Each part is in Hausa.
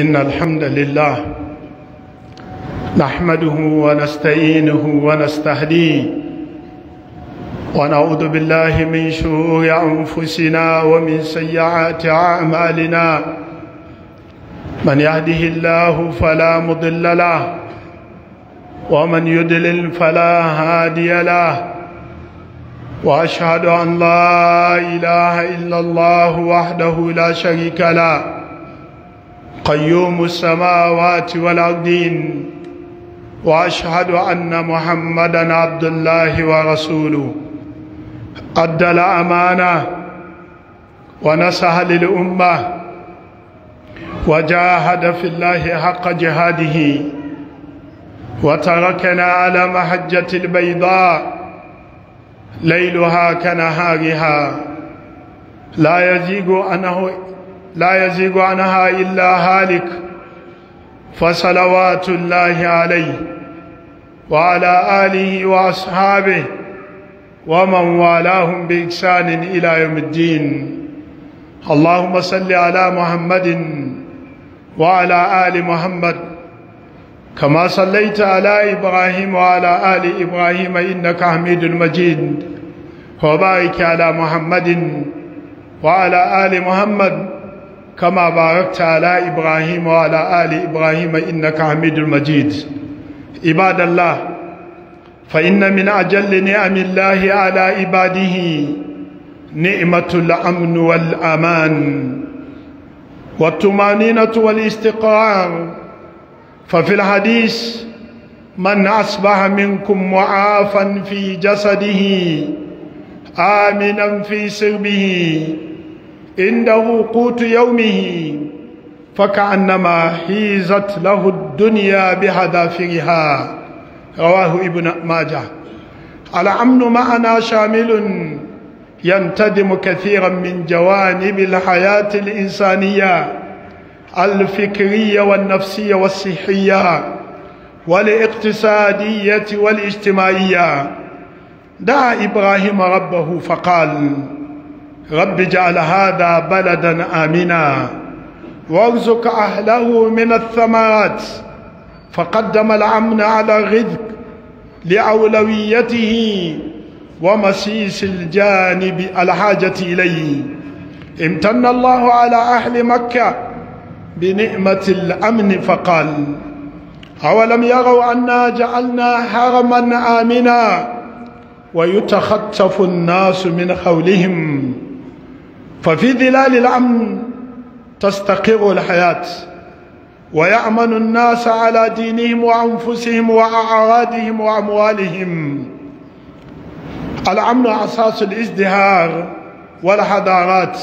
إن الحمد لله نحمده ونستعينه ونستهديه ونعوذ بالله من شرور أنفسنا ومن سيئات أعمالنا من يهده الله فلا مضل له ومن يدلل فلا هادي له وأشهد أن لا إله إلا الله وحده لا شريك له قيوم السماوات والأرضين وأشهد أن محمدا عبد الله ورسوله أدى الأمانة ونصح للأمة وجاهد في الله حق جهاده وتركنا على محجة البيضاء ليلها كنهارها لا يزيغ عنه لا يزيغ عنها إلا هالك فصلوات الله عليه وعلى آله وأصحابه ومن والاهم بإحسان إلى يوم الدين اللهم صل على محمد وعلى آل محمد كما صليت على إبراهيم وعلى آل إبراهيم إنك حميد مجيد وبارك على محمد وعلى آل محمد كما باركت على إبراهيم وعلى آل إبراهيم إنك حميد مجيد عباد الله فإن من أجل نعم الله على عباده نعمة الأمن والأمان والطمأنينة والاستقرار ففي الحديث من أصبح منكم معافا في جسده آمنا في سربه عنده قوت يومه فكأنما هيزت له الدنيا بحذافرها رواه ابن ماجه الأمن معنا شامل ينتدم كثيرا من جوانب الحياة الإنسانية الفكرية والنفسية والصحية والاقتصادية والاجتماعية دعا إبراهيم ربه فقال رب اجعل هذا بلدا امنا وارزق اهله من الثمرات فقدم الامن على غذك لاولويته ومسيس الجانب الحاجه اليه امتن الله على اهل مكه بنعمه الامن فقال اولم يروا انا جعلنا حرما امنا ويتخطف الناس من حولهم ففي ظلال الأمن تستقر الحياة ويأمن الناس على دينهم وأنفسهم وأعراضهم وأموالهم الأمن أساس الازدهار والحضارات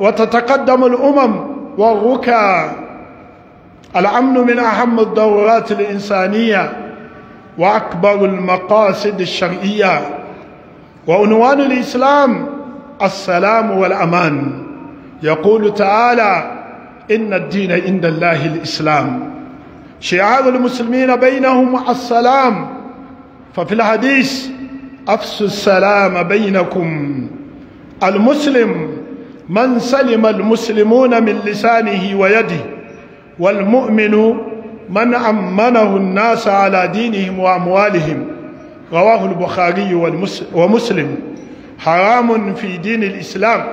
وتتقدم الأمم والركى الأمن من أهم الضرورات الإنسانية وأكبر المقاصد الشرعية وعنوان الإسلام السلام والأمان يقول تعالى إن الدين عند الله الإسلام شعار المسلمين بينهم السلام ففي الحديث أفسوا السلام بينكم المسلم من سلم المسلمون من لسانه ويده والمؤمن من أمنه الناس على دينهم وأموالهم رواه البخاري ومسلم حرام في دين الإسلام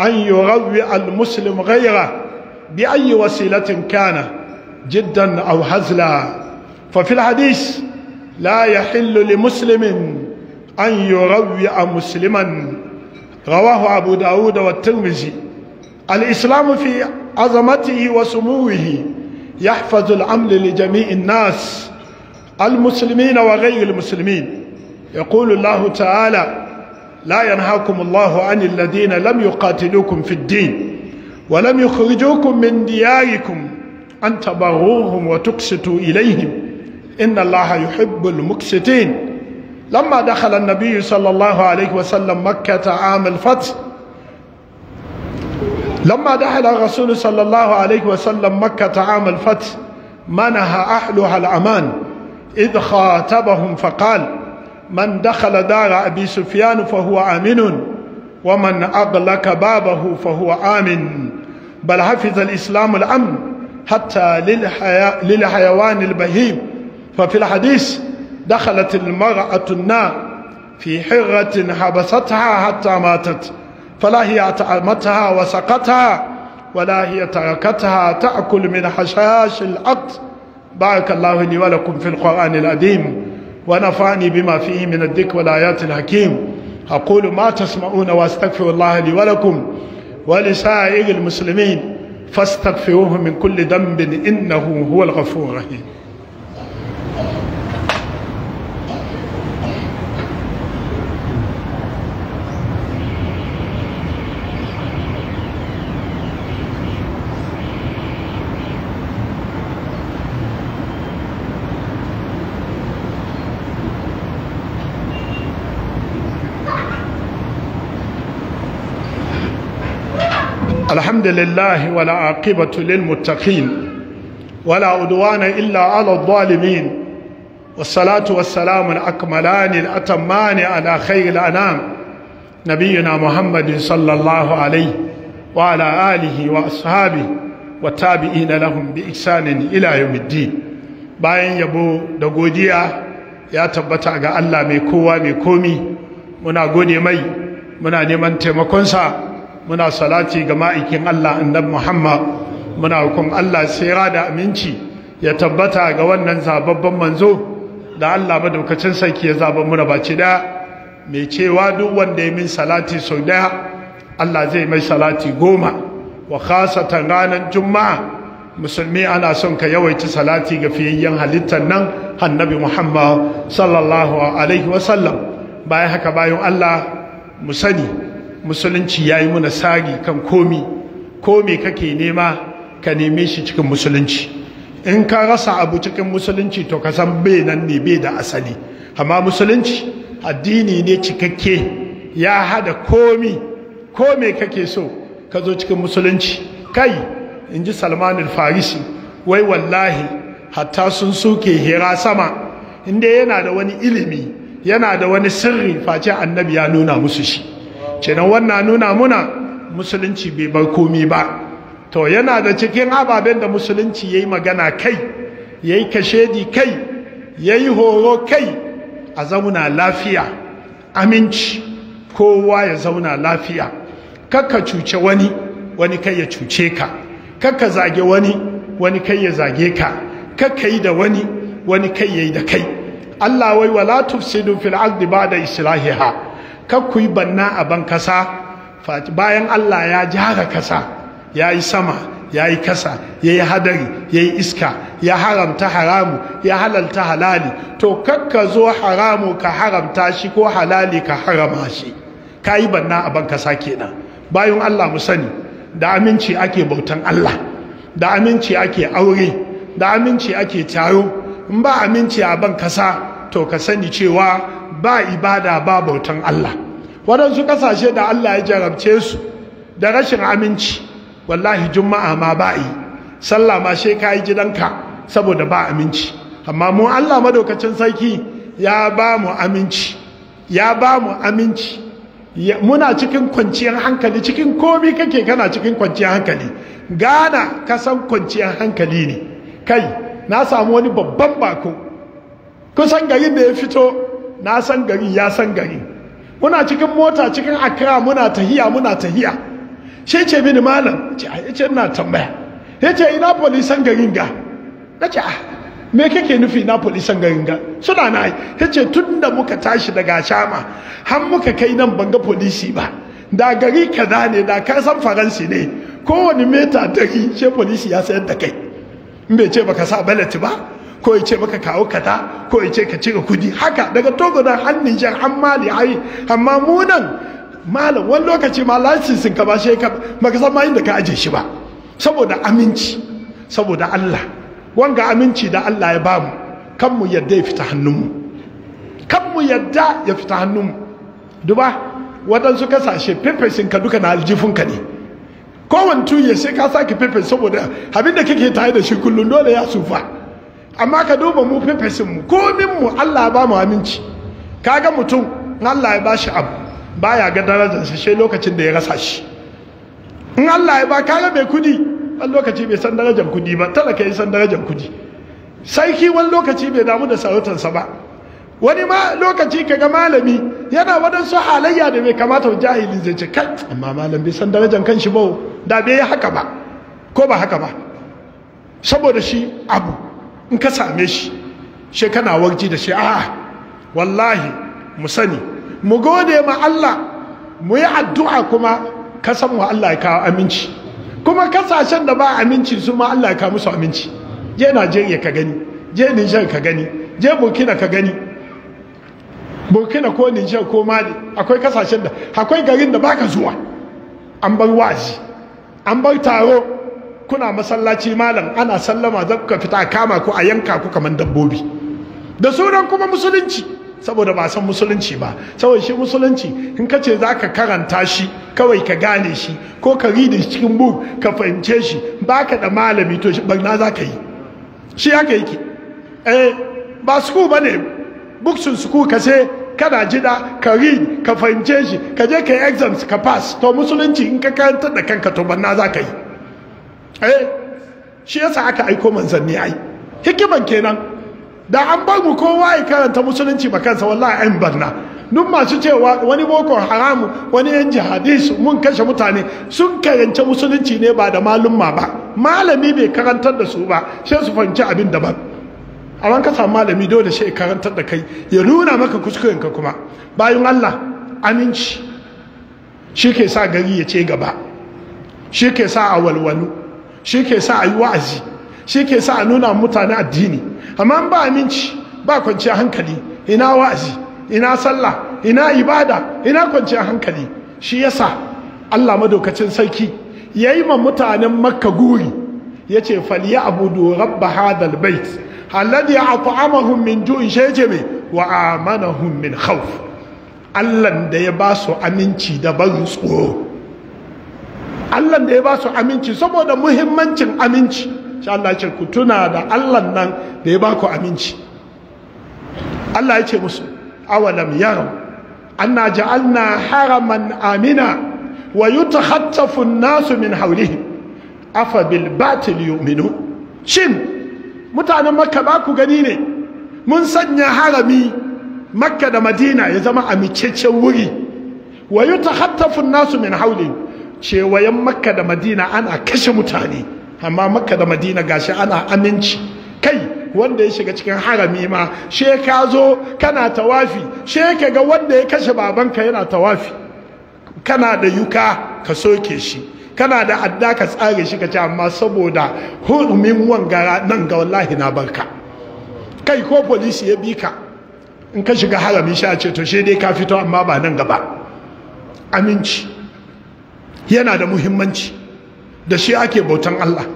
أن يروي المسلم غيره بأي وسيلة كان جدا أو هزلا ففي الحديث لا يحل لمسلم أن يروي مسلما رواه أبو داود والترمذي الإسلام في عظمته وسموه يحفظ الأمن لجميع الناس المسلمين وغير المسلمين يقول الله تعالى لا ينهاكم الله عن الذين لم يقاتلوكم في الدين ولم يخرجوكم من دياركم أن تبروهم وتقسطوا إليهم إن الله يحب المقسطين لما دخل النبي صلى الله عليه وسلم مكة عام الفتح لما دخل الرسول صلى الله عليه وسلم مكة عام الفتح منح أهلها الأمان إذ خاطبهم فقال من دخل دار أبي سفيان فهو آمن ومن أغلق بابه فهو آمن بل حفظ الإسلام الأمن حتى للحيا... للحيوان البهيم ففي الحديث دخلت المرأة النار في حرة حبستها حتى ماتت فلا هي أطعمتها وسقتها ولا هي تركتها تأكل من حشاش الأرض بارك الله لي ولكم في القرآن العظيم ونفعني بما فيه من الذكر والآيات الحكيم أقول ما تسمعون وأستغفر الله لي ولكم ولسائر المسلمين فاستغفروه من كل ذنب إنه هو الغفور الرحيم الحمد لله ولا عاقبة للمتقين ولا عدوان إلا على الظالمين والصلاة والسلام الأكملان الأتمان على خير الأنام نبينا محمد صلى الله عليه وعلى آله وأصحابه والتابعين لهم بإحسان إلى يوم الدين باين يبو دغوديا ya tabbata ga Allah mai kowa mai komi muna gode mai muna neman taimakonsa muna salati ga ma'aikin Allah annab Muhammad muna hukum Allah tsira da aminci ya tabbata ga wannan zababban manzo da Allah madaukacin sarki ya zaba muna baci da mai cewa duk wanda ya min salati sau daya Allah zai mai salati goma wa khasatan ranar juma'a musulmi ana son ka yawaita salati ga fiyayyen halittar nan annabi Muhammad sallallahu alaihi wasallam bayan haka bayan Allah mu sani musulunci ya yi muna sagi kan komi komi kake nema ka neme shi cikin musulunci in ka rasa abu cikin musulunci to ka san bai nan ne bai da asali amma musulunci addini ne cikakke ya hada komi komi kake so ka zo cikin musulunci kai in ji salman farisi wai wallahi hatta sun suke hira sama inda yana da wani ilimi yana da wani sirri face annabi ya nuna musu shi kenan wannan nuna muna musulunci bai bar komi ba to yana da cikin ababen da musulunci yayi magana kai yayi kashedi kai yayi horo kai a zauna lafiya aminci kowa ya zauna lafiya kakka cuce wani wani kai ya cuce ka kakka zage wani wani kai ya zage ka kakka yi da wani wani kai yayi da kai Allah wai wala tufsidu fil ardi ba'da islahiha kar ku yi banna a ban kasa bayan Allah ya jara kasa ya yi sama ya yi kasa ya yi hadari ya yi iska ya haramta haramu ya halalta halali to kakka zo haramu ka haramta shi ko halali ka harama shi ka yi banna a ban kasa kenan bayan Allah mu sani da aminci ake bautan Allah da aminci ake aure da aminci ake taro in ba aminci a ban kasa to ka sani cewa ba ibada ba bautan Allah waɗansu ƙasashe da Allah ya jarabce su da rashin aminci wallahi juma'a ma ba yi sallah ma she ka yi gidanka saboda ba aminci amma mu Allah madaukacin sarki ya ba mu aminci ya ba mu aminci muna cikin kwanciyar hankali cikin komi kake kana cikin kwanciyar hankali gana kasan kwanciyar hankali ne kai na samu wani babban bako kusan garin da ya fito na san gari ya san gari muna cikin mota cikin akra muna tahiya muna tahiya shi ce mini malam ah, ce ina tambaya ya ce ina polisan garin ga na ce a ah, me kake nufi na polisan garin ga suna na yi ya ce tun da muka tashi daga shama har muka kai nan banga polisi ba da gari kaza ne da ka san faransi ne kowane mita dari shi polisi ya sayar da kai in bai ce baka sa balati ba ko ya ce maka kawo kata ko ya ce ka cire kudi haka daga togo da hannun jan a ai amma munan malam wani lokaci ma lasisin ka ba shi ka maka san ma inda ka aje shi ba saboda aminci saboda Allah wanga aminci da Allah ya bamu kan mu yadda ya fita hannunmu kan mu yadda ya fita hannunmu duba waɗansu kasashe fefesin ka duka na aljifunka ne kowane tuye sai ka sake fefe saboda abinda kake tare da shi kullum dole ya sufa amma ka duba mu fefesin mu komin mu Allah ba mu aminci ga mutum in Allah ya bashi abu baya ga darajarsa sai lokacin da ya rasa shi in Allah ya ba kaga mai kudi wani lokaci bai san darajar kudi ba talaka ya san darajar kudi sai ki wani lokaci bai damu da sarautar sa ba wani ma lokaci ga malami yana waɗansu halayya da bai kamata jahili zai ce kai amma malam bai san darajar kanshi ba da bai yi haka ba ko ba haka ba saboda shi abu in ka same shi she kana warji da shi ah wallahi mu sani mu gode ma Allah mu yi addu'a kuma ka san wa Allah ya kawo aminci kuma kasashen da ba aminci su ma Allah ya kawo musu aminci je Najeriya ka gani je Niger ka gani je Burkina ka gani Burkina ko Niger ko Mali akwai kasashen da akwai garin da baka zuwa an bar wazi an bar taro kuna masallaci malam ana sallama za ka fita kama ku a yanka ku kaman dabbobi da sunan kuma musulunci saboda ba san musulunci ba saboda shi musulunci in ka ce za ka karanta shi kawai ka gane shi ko ka rida shi cikin buk ka fahimce shi ba da malami to shi barna za ka yi shi haka yake eh ba suku ba ne buksun suku ka se kana jida ka read ka fahimce shi ka je ka yi exams ka pass to musulunci in ka karanta da kanka to banna za ka yi eh shi yasa aka aiko manzanni ai hikiman kenan da an bar mu kowa ya karanta musulunci ba kansa wallahi ayin barna duk masu cewa wani boko haramu wani yan jihadisu, mun kashe mutane sun karance musulunci ne ba da malumma ba malami bai karantar da su ba sai su fahimci abin daban ran ka samu malami dole sai karantar da kai ya nuna maka kuskuren ka kuma bayan Allah aminci shi ke sa gari ya ce gaba shi ke sa a walwalu shi ke sa a yi wa'azi shi ke sa a nuna mutane addini amma ba aminci ba kwanciyar hankali ina wa'azi ina sallah ina ibada ina kwanciyar hankali shi yasa Allah madaukacin sarki yayi ma mutanen makka guri ya ce faliya abudu rabb hadal bait alladhi at'amahum min ju'in shayjami wa amanahum min khawf Allah da ya ba su aminci da ban tsoro Allah da ya ba su aminci saboda muhimmancin aminci sha Allah ce ku tuna da Allah nan da ya ba ku aminci Allah ya ce musu awalam yaraw anna ja'alna haraman amina wa yutakhatafu an-nasu min hawlihim afa bil batil yu'minu shin mutanen makka ba ku gani ne mun sanya harami makka da madina ya zama amicaccen wuri wa yutakhatafu nasu min hawlihim cewayen makka da madina ana kashe mutane amma makka da madina gashi ana aminci kai wanda ya shiga cikin harami ma she ka zo kana tawafi she ka ga wanda ya kashe babanka yana tawafi kana da yuka ka soke shi kana da adda ka tsare shi ka ce amma saboda hurumin wangara nan ga wallahi na barka kai ko polisi ya bi ka in ka shiga harami sha ce to she dai ka fito amma ba nan gaba aminci yana da muhimmanci da shi ake bautan Allah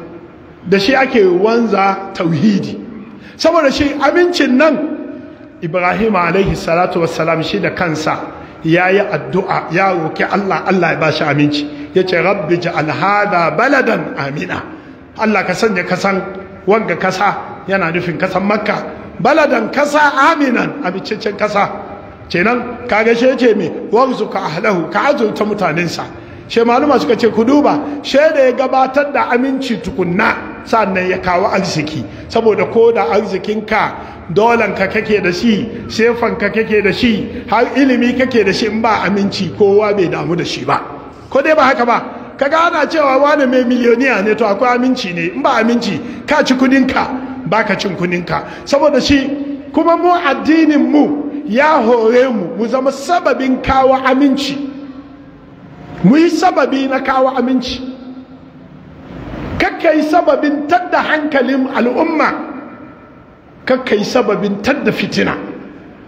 da shi ake wanza tauhidi saboda shi amincin nan Ibrahim alaihi salatu wassalam shi da kansa ya yi addu'a ya roƙi Allah Allah ya shi aminci ya ce rabbi ji alhada baladan amina Allah ka sanya kasan wanga kasa yana nufin kasan makka baladan kasa aminan abinciccen kasa kenan ka shi mai me ka ahlahu ka azurta mutanensa she maluma suka ce ku duba she da ya gabatar da aminci tukunna sannan ya kawo arziki saboda ko da arzikinka dolan ka kake da shi sefan ka kake da shi har ilimi kake da shi in ba aminci kowa bai damu da shi ba ko dai ba haka ba ka gana cewa wani mai miliyoniya ne to akwai aminci ne in ba aminci ka ci kudinka ba ka cin kudinka saboda shi kuma mu addinin mu ya hore mu mu zama sababin kawo aminci mu yi sababi na kawo aminci kakka yi sababin tadda hankalin al'umma kakka yi sababin tadda fitina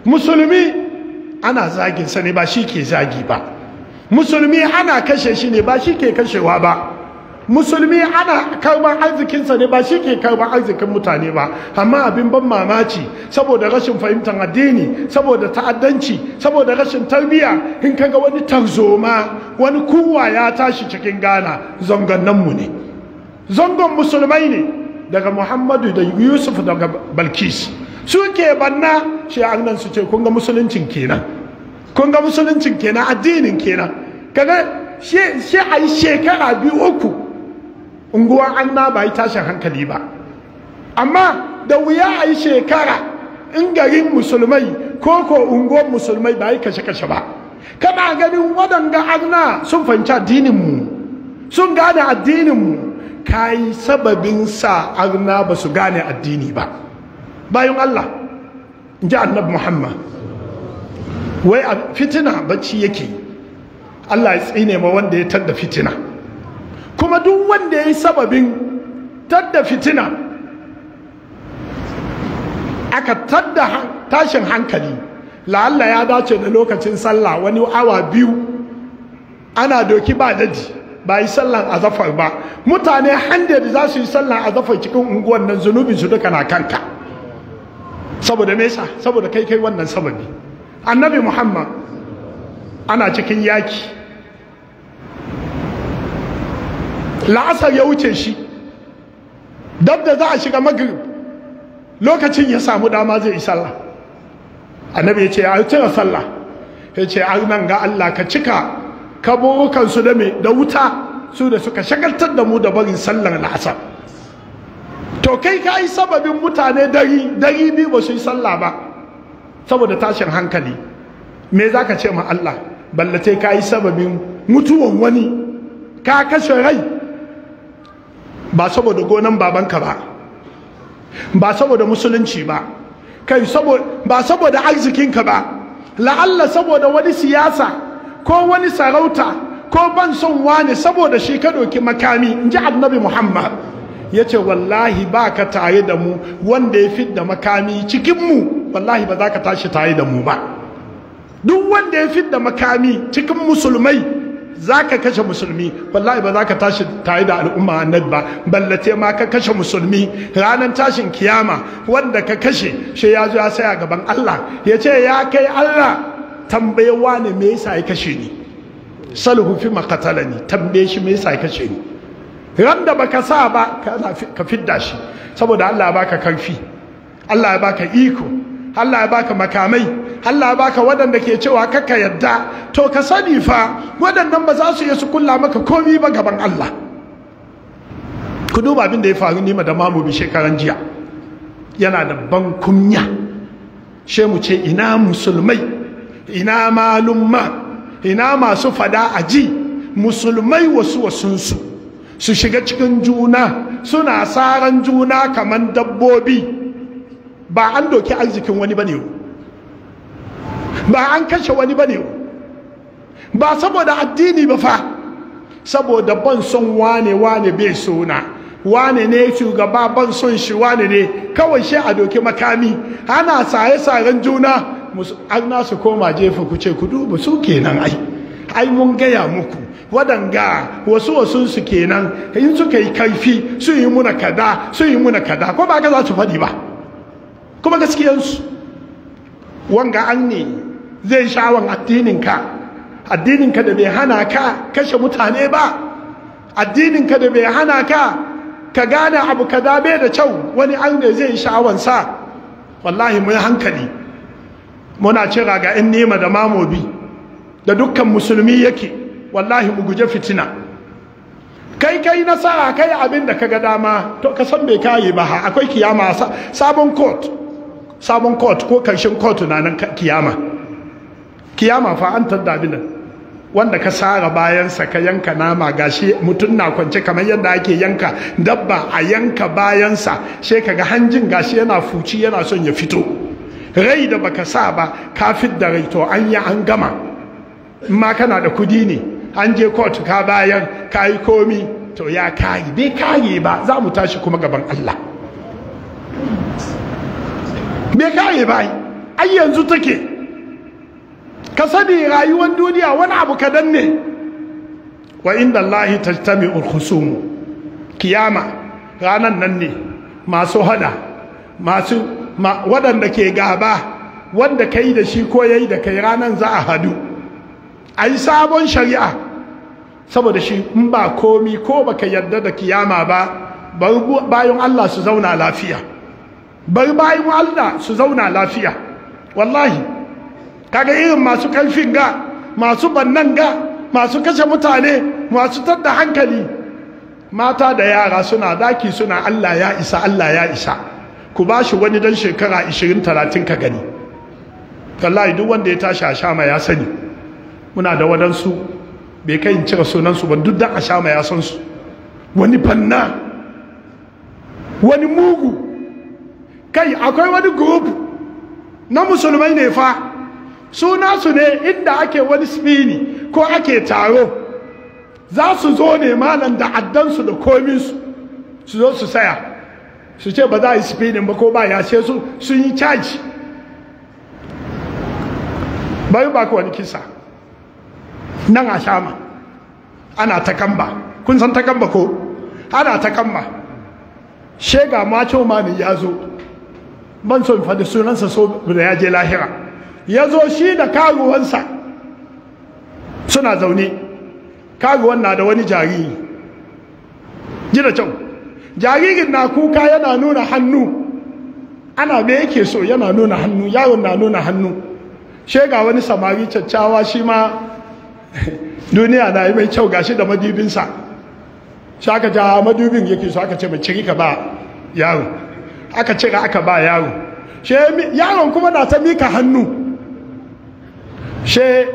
musulmi ana zaginsa ne ba shi ke zagi ba musulmi ana kashe shi ne ba shi ke kashewa ba musulmi ana karban arzikinsa ne ba shi ke karban arzikin mutane ba amma abin ban mamaci saboda rashin fahimtar addini saboda ta'addanci saboda rashin tarbiyya in ka ga wani tarzoma wani kuwa ya tashi cikin ghana zangonninmu ne zangon musulmai ne daga muhammadu da yusuf daga balkis suke banna shi nan su ce kun ga musuluncin kenan kun ga musuluncin kenan addinin kenan kaga shi a yi shekara biyu uku Unguwar an na ba yi tashin hankali ba amma da wuya a yi shekara in garin musulmai ko ko unguwan musulmai ba yi kashe-kashe ba kana ganin waɗanda arna sun fahimci addininmu sun gane addininmu ka yi sababin sa arna ba su gane addini ba bayan allah in ji annabi muhammad wai a fitina bacci yake allah ya tsine ma wanda ya tar da fitina kuma duk wanda ya yi sababin tadda fitina aka tadda tashin hankali la'alla ya dace da lokacin sallah wani awa biyu ana doki ba daji ba yi sallan azafar ba mutane handed za su yi sallan azafar cikin unguwan nan zunubin su duka na kanka saboda nesa saboda kai kai wannan sababi annabi muhammad ana cikin yaki la'asar ya wuce shi dab da za a shiga magrib lokacin ya samu dama zai yi sallah annabi ya ce a cire sallah ya ce a nan ga Allah ka cika kaburukansu da me da wuta su da suka shagaltar da mu da barin sallar la'asar to kai ka yi sababin mutane dari dari biyu ba su yi sallah ba saboda tashin hankali me za ka ce ma Allah ballate ka yi sababin mutuwan wani ka kashe rai ba saboda gonan babanka ba ba saboda musulunci ba kai ba saboda arzikinka ba la'alla saboda wani siyasa ko wani sarauta ko ban son wani saboda shi ka ɗauki makami in ji annabi muhammad ya ce wallahi ba ka tare da mu wanda ya fidda makami cikinmu wallahi ba za ka tashi tare da mu ba duk wanda ya fidda makami cikin musulmai zaka kashe musulmi wallahi ba zaka tashi tare da al'umma annabi ba ballace ma ka kashe musulmi ranar tashin kiyama wanda ka kashe shi ya zo ya saya gaban Allah ya ce ya kai Allah tambayewa ne me yasa ya kashe ni salhu fi maqatalani tambaye shi me yasa ya kashe ni ran da baka sa ba ka fidda shi saboda Allah ya baka karfi Allah ya baka iko Allah ya baka makamai Allah ya baka waɗanda ke cewa kaka yadda to ka sani fa waɗannan ba za su iya su kulla maka komi ba gaban Allah ku duba abin da ya faru ni da mamu bi shekaran jiya yana da ban kunya she mu ce ina musulmai ina malumma ina masu fada a ji musulmai wasu wasunsu su shiga cikin juna suna saran juna kaman dabbobi ba an doki arzikin wani bane ba an kashe wani bane ba saboda addini ba fa saboda ban son wane wane bai suna, wane ne shugaba ban son shi wane ne kawai shi a doki makami ana saye-saren juna an nasu koma jefa ku ce ku dubu. su kenan ai ai mun gaya muku wadanga wasu wasu su kenan in suka yi kaifi su yi muna kada su yi muna kada ko ba ka za su faɗi ba kuma gaskiyansu wanga an ne zai sha'awan addininka addininka da bai hana ka kashe mutane ba addininka da bai hana ka ka gane abu ka dabe da kyau wani an ne zai sha'awan sa wallahi mun hankali muna cira ga in nema da mamobi da dukkan musulmi yake wallahi mu guje fitina kai kai nasara kai abin da kaga dama to ka san bai kayi ba akwai kiyama sabon court sabon kot ko karshen court na nan kiyama kiyama fa an tadda abin nan wanda ka sara bayansa ka yanka nama gashi mutum na kwance kamar yadda ake yanka dabba a yanka bayansa sai kaga hanjin gashi yana fuci yana son ya fito rai da baka sa ba ka da rai to an yi an gama ma kana da kudi ne an je kot ka bayan ka komi to ya kari bai kare ba za mu tashi kuma gaban Allah bai kare ba ai yanzu take ka sani rayuwar duniya wani abu ka danne wa inda Allahi tajtami ulkhusumu kiyama ranan nan ne masu hada masu waɗanda ke gaba wanda ka yi da shi ko ya yi da kai ranan za a hadu a yi sabon shari'a saboda shi in ba komi ko baka yarda da kiyama ba bayan Allah su zauna lafiya bari bayan Allah su zauna lafiya wallahi kaga irin masu kalfin ga masu bannan ga masu kashe mutane masu tadda hankali mata da yara suna daki suna Allah ya isa Allah ya isa ku ba shi wani dan shekara 20 30 ka gani wallahi duk wanda ya tashi a shama ya sani muna da wadansu bai kai in cire sunansu ban duk dan a shama ya san su wani fanna wani mugu kai akwai wani group na musulmai ne fa suna su ne inda ake wani spini ko ake taro za su zo ne malam da addansu da kominsu su zo su saya su ce ba za a yi spinin ba ko ba ya ce su sun yi caji bayan ba wani kisa nan a shama ana ta kamba kun san ta kamba ko ana ta kamba shega macho mani ya zo ban son faɗi sunansa so da ya je lahira ya zo shi da karuwansa suna zaune karuwan na da wani jariri ji da kyau jaririn na kuka yana nuna hannu ana me yake so yana nuna hannu yaron na nuna hannu shega wani samari caccawa shi ma duniya na yi mai kyau gashi da madubinsa shi aka ja madubin yake so aka ce mai cirika ba yaro aka da aka ba yaro she yaron kuma na ta mika hannu she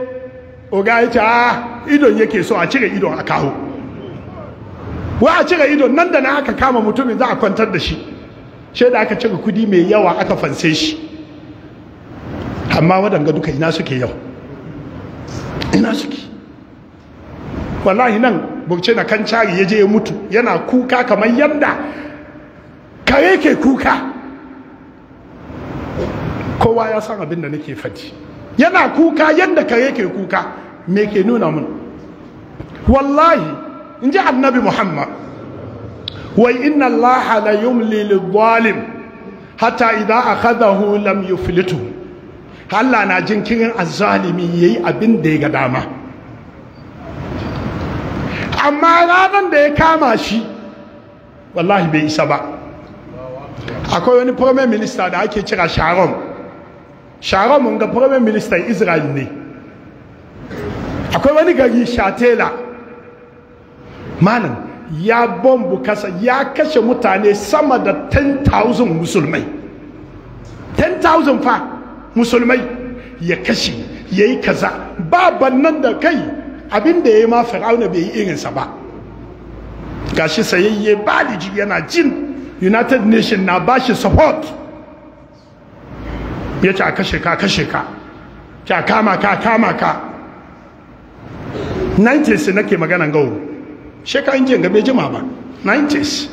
oga ya a ah, idon yake so a cire idon a kawo wa a cire idon nan da na aka kama mutumin za a kwantar da shi she da aka cire kudi mai yawa aka fanse shi amma waɗanga duka ina suke yau ina suke wallahi nan burce na kan cari ya je ya mutu yana kuka kamar yadda kare ke kuka kowa ya san abin da nake faɗi yana kuka yadda kare ke kuka me ke nuna mun wallahi in ji annabi muhammad wai inna allah la yumli lidhalim hatta idza akhadahu lam yuflitu Allah na jinkirin azzalimi yayi abin da ya ga dama amma ranar da ya kama shi wallahi bai isa ba akwai wani prime minister da ake kira sharon sharon mun ga prime minister israel ne akwai wani gari shatela malam ya bombu kasa ya kashe mutane sama da 10,000 musulmai 10,000 fa musulmai ya kashe ya yi kaza baban nan da kai abinda ya yi ma fir'auna bai yi irinsa ba gashi sayayye baliji yana jin united nation na ba shi support ya ce a kashe ka kashe ka ce a kama ka kama ka 90s nake maganan gauru shekaru jiya gabe jima ba 90s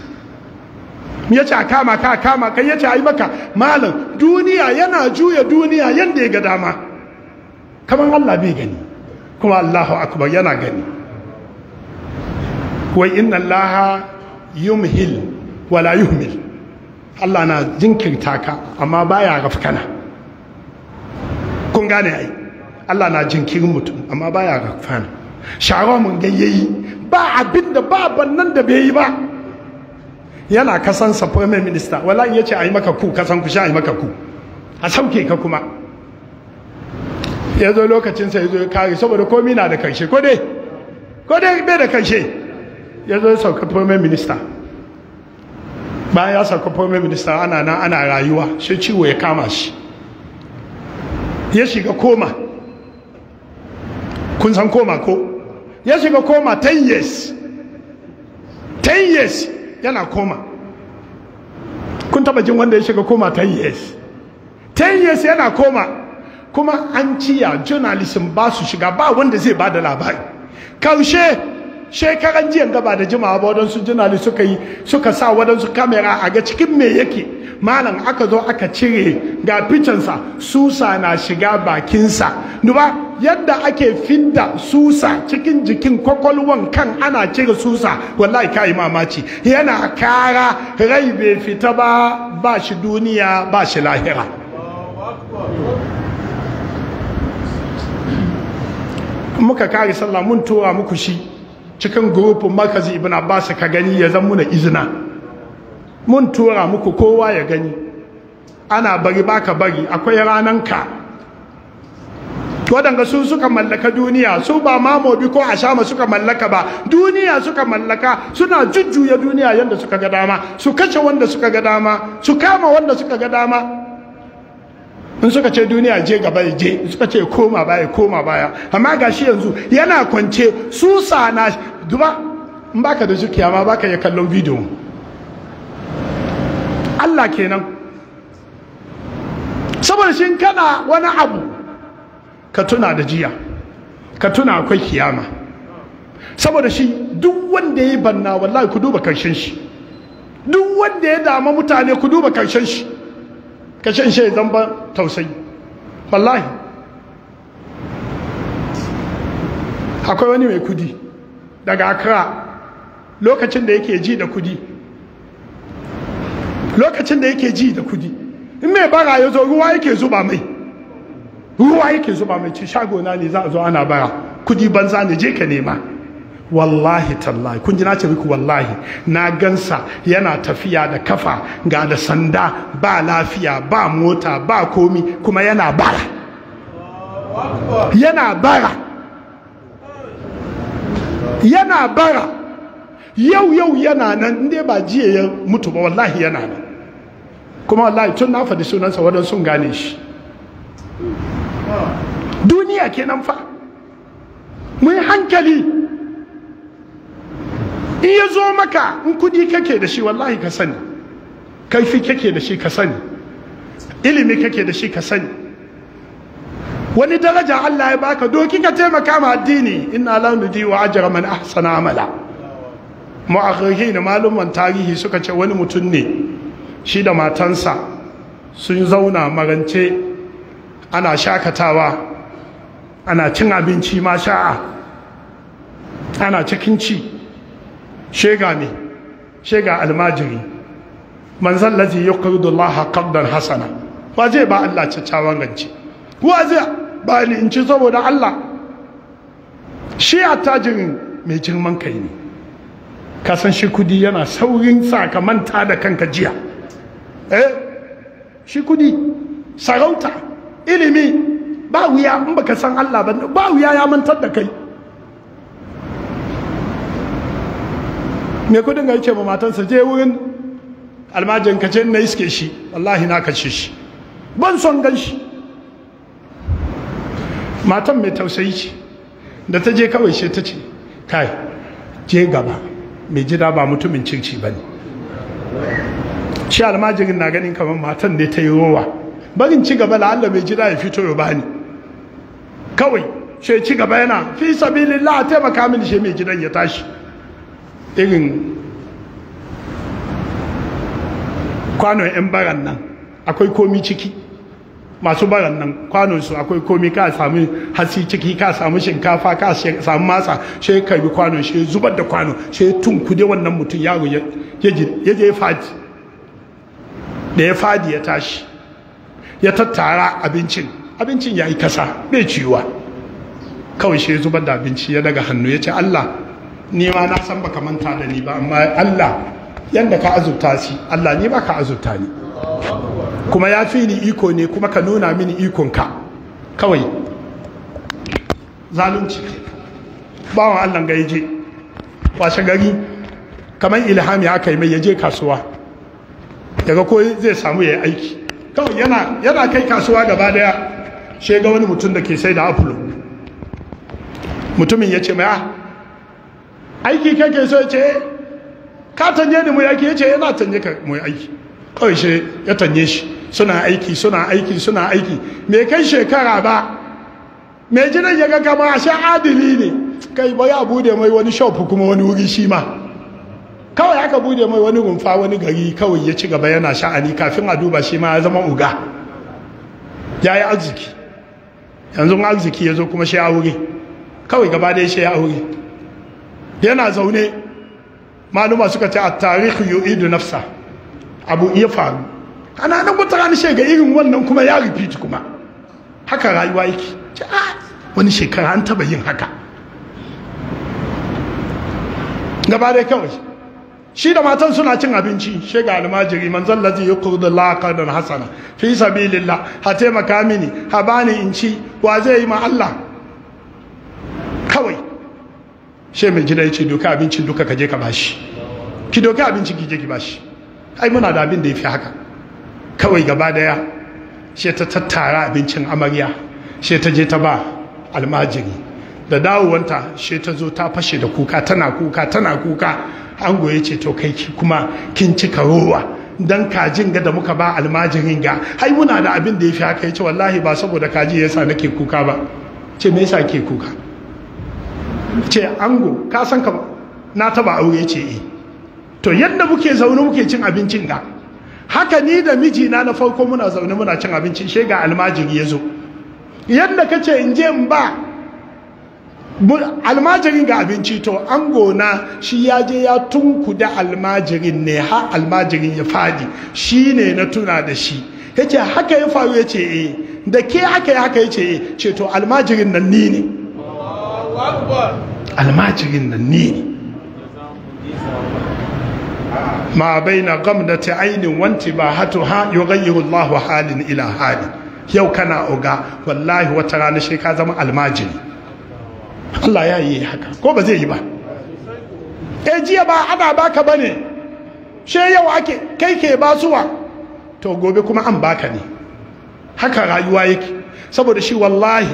ya ce a kama ka kama ka ya ce a yi maka malam duniya yana juya duniya yadda ya ga dama kamar allah bai gani kuma allahu akbar yana gani wai inna allaha yumhil wala yuhmil Allah na jinkirta ka amma baya rafkana kun gane ai Allah na jinkirin mutum amma baya rafkana sharo mun ga yi ba abin da ba bannan da bai yi ba yana kasan sa prime minister wallahi yace ai maka ku kasan ku sha ai maka ku a sauke ka kuma yazo lokacin sa ya zo kare saboda komai na da karshe ko dai ko dai bai da karshe ya sauka prime minister bayan ya sauka prime minister ana nan ana rayuwa shi ciwo ya kama shi ya shiga koma kun san koma ko ya shiga koma 10 years 10 years yana koma kun taba jin wanda ya shiga koma 10 years 10 years yana koma kuma an ciya journalism ba su shiga ba wanda zai ba da labari karshe shekaran jiyan gaba da jimawa ba wadansu jinali suka yi suka sa wadansu kamera a ga cikin me yake malam aka zo aka cire ga ficansa susa na shiga bakinsa duba yadda ake fidda susa cikin jikin kwakwalwan kan ana cire susa wallahi kai mamaci yana kara rai bai fita ba ba shi duniya ba shi lahira muka kare sallah mun tura muku shi cikin gurufin markazi ibn abbas ka gani ya zan muna izina mun tura muku kowa ya gani ana bari baka bari akwai rananka waɗanda sun suka mallaka duniya su ba mamobi ko a ashama suka mallaka ba duniya suka mallaka suna jujjuya duniya yadda suka ga dama su kashe wanda suka ga dama su kama wanda suka ga dama in suka ce duniya je gaba ya je suka ce koma baya koma baya amma gashi yanzu yana kwance su na. duba in baka da zuciya ma baka ya kallon bidiyo Allah kenan saboda shi kana wani abu ka tuna da jiya ka tuna akwai kiyama saboda shi duk wanda ya yi banna wallahi ku duba karshen shi duk wanda ya dama mutane ku duba karshen shi ka shan shi zan tausayi wallahi akwai wani mai kudi daga akra lokacin da yake ji da kudi lokacin da yake ji da kudi in mai bara ya zo ruwa yake zuba mai ruwa yake zuba mai ce shagona ne za a zo ana bara kudi banza ne je ka nema wallahi tallahi kun ji na ce muku wallahi na gansa yana tafiya da kafa ga da sanda ba lafiya ba mota ba komi kuma yana bara yana bara yana bara yau yau yana nan inda ba jiya ya mutu ba wallahi yana nan kuma wallahi tun na faɗi sunansa waɗansu sun gane shi duniya kenan fa mu hankali in ya zo maka in kudi kake da shi wallahi ka sani kaifi kake da shi ka sani ilimi kake da shi ka sani wani daraja Allah ya baka doki ka taimaka ma addini inna la nudi wa ajra man ahsana amala mu'akhirin malumman tarihi suka ce wani mutum ne shi da matansa sun zauna marance ana shakatawa ana cin abinci mashaa ana cikin ci shega ne shega almajiri man ya yuqridu laha kardar hasana wa zai ba Allah caccawan gance wa zai ba ni in ci saboda Allah shi tajirin mai girman kai ne ka san shi kudi yana saurin sakamanta da kanka jiya eh shi kudi sarauta ilimi ba wuya in baka san Allah ba ba wuya ya mantar da kai mai kudin ga yake ba matansa je wurin almajin kace na iske shi wallahi na kace shi ban son gan shi matan mai tausayi ce da ta je kawai ce ta ce kai je gaba mai jida ba mutumin circi ba ne shi almajirin na ganin kamar matan ne ta yi rowa barin ci gaba la'alla mai jida ya fito ya bani kawai shi ci gaba yana fi sabilillah taimaka mini shi mai gidan ya tashi irin kwanon 'yan baran nan akwai komi ciki masu baran nan su akwai komi ka sami hasi ciki ka sami shinkafa ka sami matsa shi karbi kwanon shi zubar da kwanon shi tun kude wannan mutum yaro ya je fadi da ya fadi ya tashi ya tattara abincin abincin ya yi kasa bai ciwa kawai shi zubar da abinci ya daga hannu ya ce allah ni ma na san baka manta da ni ba amma Allah yanda ka azurta shi Allah ni baka azurta ni kuma ya fi ni iko ne kuma ka nuna mini ka kawai zalunci bawan Allah ga yaje washe gari kamar ilhami aka yi mai yaje kasuwa daga ko zai samu yayi aiki kawai yana kai kasuwa gaba daya shega wani mutum da ke sai da apple mutumin ya ce mai ah aiki kake so ya ce ka tanye ni mu aiki ya ce yana eh, tanye ka mu aiki kawai shi ya tanye shi suna aiki suna aiki suna aiki me kai shekara ba me jinan ya ga kama shi adili ne kai ba ya bude mai wani shop kuma wani wuri shi ma kawai aka bude mai wani rumfa wani gari kawai ya ci gaba yana sha'ani kafin a duba shi ma ya zama uga ya yi arziki yanzu arziki ya zo kuma shi ya wuri kawai gaba dai shi ya wuri yana zaune maluma suka ce a tarihi yu'idu nafsa abu iya faru ana nan wata rana shega irin wannan kuma ya repeat kuma haka rayuwa yake wani shekara an taba yin haka gaba dai kawai shi da matan suna cin abinci shi ga almajiri manzon lazi ya kurdu laƙadar hasana fi sabilillah ha taimaka mini ha bani in ci wa zai yi ma Allah kawai she mai gida ya ce doka abincin duka ka je ka bashi ki doka abincin ki je ki bashi ai muna da abin da ya fi haka kawai gaba daya she ta tattara abincin amarya she ta je ta ba almajiri da dawowanta she ta zo ta fashe da kuka tana kuka tana kuka an goye ce to kai kuma kin cika rowa dan kajin ga da muka ba almajirin ga ai muna da abin da ya fi haka ya ce wallahi ba saboda kaji sa nake kuka ba ce me yasa ke kuka ce ango ka san ka na taba aure ce eh to yadda muke zaune muke cin abincin ga haka ni da mijina na farko muna zaune muna cin abincin she ga almajiri ya zo yadda ka ce in je in ba almajirin ga abinci to an gona shi ya je ya tunkuda almajirin ne ha almajirin ya fadi shi ne na tuna da shi ya ce haka ya faru ya ce eh da ke haka ya haka ya ce eh ce to almajirin nan ni ne almajirin nan ne ma bai na ta ainihin wanti ba hatu ha yughayyiru Allahu halin ila hali yau kana oga wallahi wata rana shi ka zama almajiri Allah ya yi haka ko ba zai yi ba e jiya ba ana baka bane shi yau ake kai ke ba basuwa to gobe kuma an baka ne haka rayuwa yake saboda shi wallahi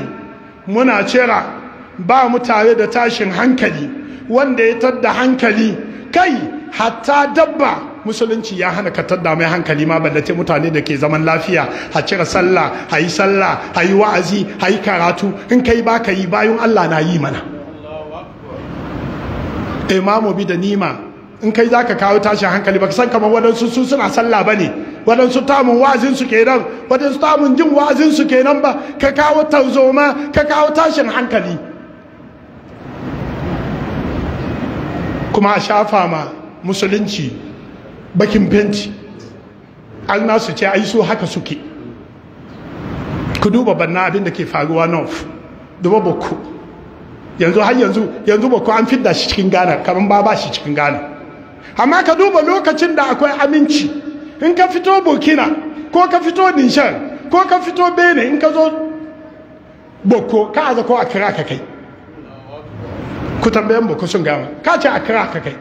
muna cera ba mu tare da tashin hankali wanda ya tadda hankali kai hatta dabba musulunci ya hana ka tadda mai hankali ma ballate mutane da ke zaman lafiya a cire sallah a yi sallah a yi wa'azi a yi karatu in kai ba ka yi bayan allah na yi mana imamu bi da nima in kai za ka kawo tashin hankali ba san kamar waɗansu su suna sallah ba ne waɗansu tamun wa'azinsu kenan waɗansu tamun jin wa'azinsu kenan ba ka kawo tarzoma ka kawo tashin hankali kuma a shafa ma musulunci bakin fenti an nasu ce a so haka suke ku duba banna abin da ke faruwa north duba boko yanzu har yanzu yanzu boko an fidda shi cikin ghana kamar ba ba shi cikin ghana amma ka duba lokacin da akwai aminci in ka fito burkina ko ka fito ninshan ko ka fito bene in ka zo boko ka aza ko a kira ka kai ku tambayan ba ku sun gama ka ce a kira ka kai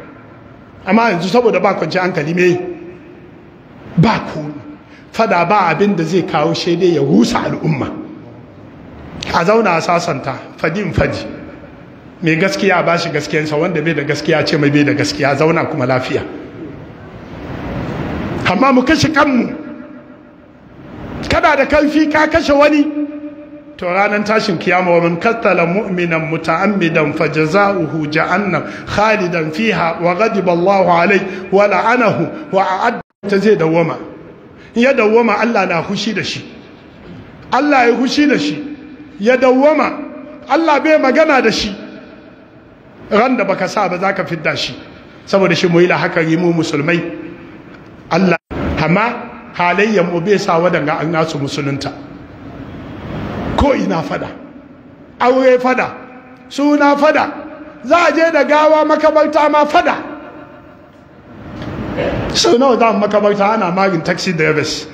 amma yanzu saboda ba kwanci hankali me ba ku fada ba abin da zai kawo shaidai ya rusa al'umma a zauna a sasanta fadin fadi mai gaskiya ba shi gaskiyansa wanda bai da gaskiya ce mai bai da gaskiya zauna kuma lafiya amma mu kashe kanmu kada da karfi ka kashe wani to ranar tashin kiyama wa man kattala mu'minan muta'ammidan fa jazaohu jahannam khalidan fiha wa ghadiba Allahu alayhi wa la'anahu wa a'adda ta zai dawwama ya dawwama Allah na hushi da shi Allah ya hushi da shi ya dawwama Allah bai magana da shi ran da baka sa ba zaka fidda shi saboda shi mu yi lahakari mu musulmai Allah amma halayyar mu bai sa wadanga an nasu musulunta ko ina fada aure fada suna fada za a je da gawa makabarta ma fada sau nawa za makabarta ana marin taxi drivers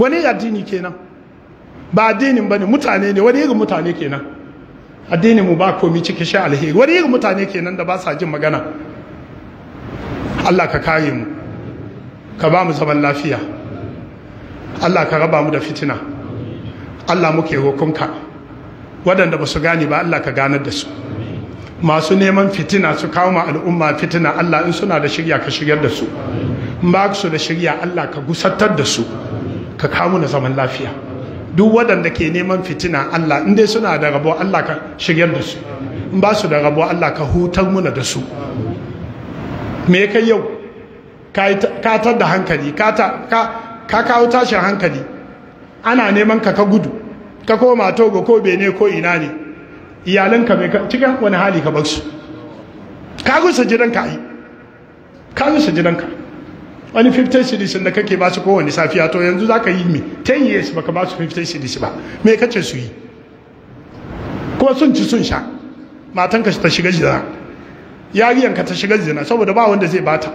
wani addini kenan ba addinin ba ne mutane ne wani irin mutane kenan addinin mu ba komi ciki sha alheri wani irin mutane kenan da ba sa jin magana Allah ka kare mu ka ba mu zaman lafiya Allah ka raba mu da fitina Allah muke rokonka waɗanda ba su gane ba Allah ka ganar da su masu neman fitina su kawo ma al'umma fitina Allah in suna da shirya ka shigar da su in ba su da shirya Allah ka gusattar da su ka kawo na zaman lafiya duk waɗanda ke neman fitina Allah in dai suna da rabo Allah ka shigar da su in ba su da rabo Allah ka hutar muna da su me kai yau ka tar da hankali ka ka kawo tashin hankali ana neman ka ka gudu ka koma togo ko bene ko ina ne iyalanka mai cikin wani hali ka baksu ka gusa gidanka yi, ka gusa gidanka wani 50 cities da kake ba su kowane safiya to yanzu za ka yi mi 10 years ba ka ba su 50 cities ba me kace su yi kuma sun ci sun sha matanka ta shiga zina yariyanka ta shiga zina saboda ba wanda zai bata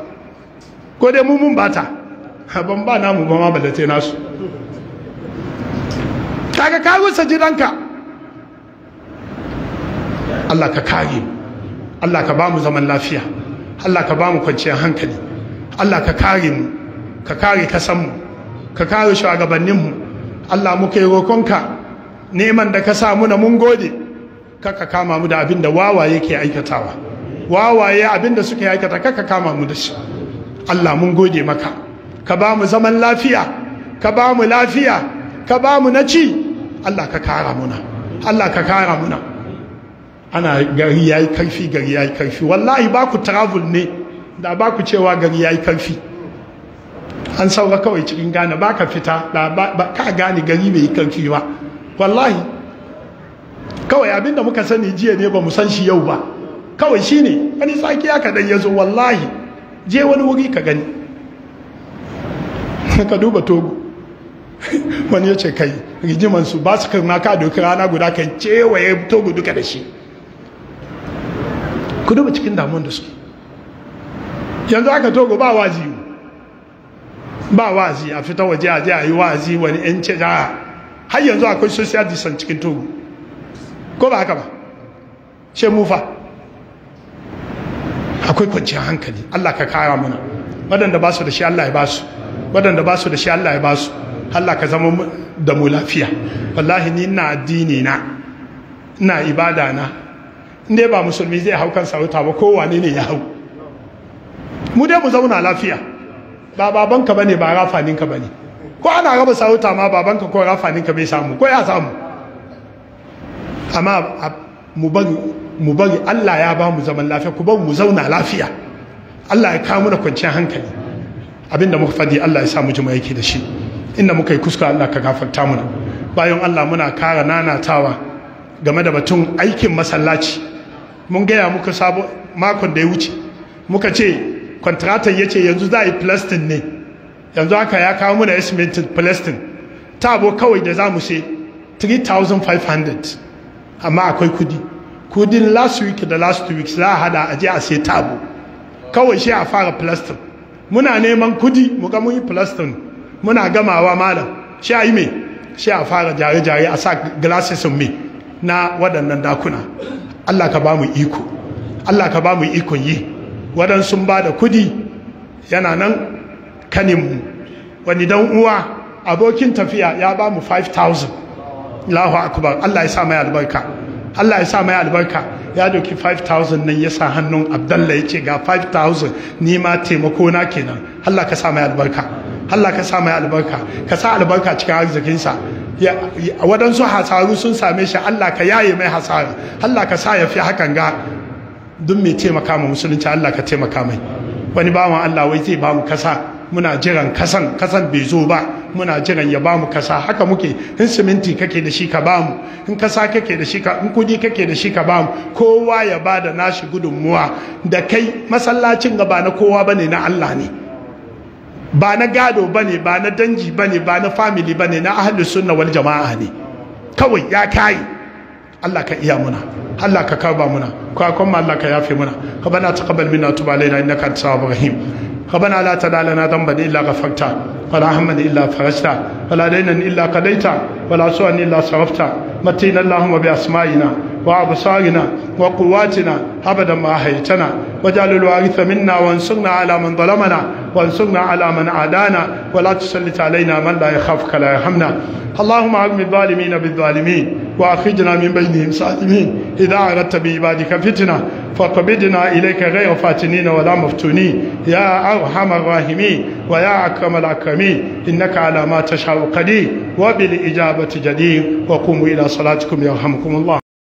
ko dai mun mun bata Haban ba namu ba ma balate nasu kaga ka gusa jiranka. Allah ka kare Allah ka ba mu zaman lafiya Allah ka ba mu kwanciyar hankali Allah ka kare mu ka kare mu. ka kare mu. Allah muke rokonka neman da ka sa na mun gode kaka kama mu da abin da wawaye ke aikatawa wawaye abin da suke aikata kaka kama mu da shi Allah mun gode maka ka ba mu zaman lafiya ka ba mu lafiya ka ba mu na ci Allah ka kara muna Allah ka kara muna ana gari yayi karfi gari yayi karfi wallahi ba ku travel ne da ba ku cewa gari yayi karfi an saura kawai cikin gane ba ka fita da ba ka gane gari bai karfi ba wallahi kawai abinda muka sani jiya ne ba mu san shi yau ba kawai shine wani tsaki ya ya zo wallahi je wani wuri ka gani ka duba togo wani ya ce kai rijimansu ba su karna ka doki rana guda kan cewaye togo duka da shi ku duba cikin damuwan da suke yanzu aka togo ba wazi ba wazi a fita waje a je a yi wazi wani yan ce da ah, har yanzu akwai social distance cikin togo ko ba haka ba ce mufa akwai kwanciyar hankali allah ka kara mana waɗanda ba su da shi allah ya ba su waɗanda ba su da shi Allah ya ba su Allah ka zama da mu lafiya wallahi ni ina addini na ina ibada na inda ba musulmi zai hau kan sauta ba kowa ne ya hau mu dai mu zauna lafiya ba babanka bane ba rafaninka bane ko ana raba sauta ma babanka ko rafaninka bai samu ko ya samu amma mu bari mu bari Allah ya ba mu zaman lafiya ku ba mu zauna lafiya Allah ya kawo mu kwanciyar hankali Abin da muka faɗi Allah ya sa mu jima yake da shi inda muka yi kuska Allah ka gafarta mana bayan Allah muna kara nanatawa game da batun aikin masallaci mun gaya muka sabo makon da ya wuce muka ce kwantratar ya ce yanzu za a yi plastin ne yanzu haka ya kawo muna estimated plastin tabo kawai da za mu sai 3,500 amma akwai kudi kudin last week da last week za a hada a je a sai tabo kawai shi a fara plastin muna neman kudi mu ga mun yi muna gamawa malam shi a me shi a fara jare-jare a sa glasses me na waɗannan dakuna Allah ka ba mu iko Allah ka ba mu ikon yi waɗansu ba da kudi yana nan kaninmu wani dan uwa abokin tafiya ya ba mu 5,000 Allahu akbar Allah ya sa mai albarka Allah ya sa mai albarka ya doki 5000 nan ya sa hannun Abdallah ya ce ga 5000 ni ma taimako na kenan Allah ka sa mai albarka Allah ka sa mai albarka ka sa albarka cikin arzikinsa waɗansu hasaru sun same shi Allah ka yaye mai hasaru. Allah ka sa ya fi hakan ga duk mai taimaka ma musulunci Allah ka taimaka mai wani bawan Allah wai zai ba mu kasa muna jiran kasan kasan bai zo ba muna jiran ya bamu kasa haka muke in siminti kake da shi ka bamu in kasa kake da shi ka in kudi kake da shi ka bamu kowa ya bada nashi gudunmuwa da kai masallacin gaba na kowa bane na Allah ne ba na gado bane ba na danji bane ba na family bane na ahli sunna wal jama'a ne kawai ya kai Allah ka iya muna Allah ka kaba muna ka kuma Allah ka yafe muna ka bana taqabbal minna tub alaina innaka antas rahim kaban ala ta dalana zan bade illa fakta. ولا حمد إلا فرجته ولا دينا إلا قضيته ولا سوءا إلا صرفتا متين اللهم بأسمائنا وأبصارنا وقواتنا أبدا ما هيتنا وجعل الوارث منا وانصرنا على من ظلمنا وانصرنا على من عادانا ولا تسلط علينا من لا يخافك لا يرحمنا اللهم ارم الظالمين بالظالمين واخرجنا من بينهم صادمين اذا اردت بعبادك فتنه فقبضنا اليك غير فاتنين ولا مفتونين يا ارحم الراحمين ويا اكرم الاكرمين الجميع إنك على ما تشاء قدير وبالإجابة جدير وقوموا إلى صلاتكم يرحمكم الله